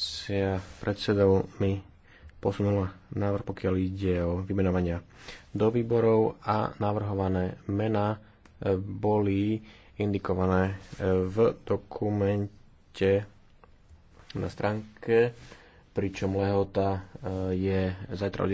konferencia predsedov mi posunula návrh, pokiaľ ide o vymenovania do výborov a navrhované mená eh, boli indikované eh, v dokumente na stránke, pričom lehota eh, je zajtra o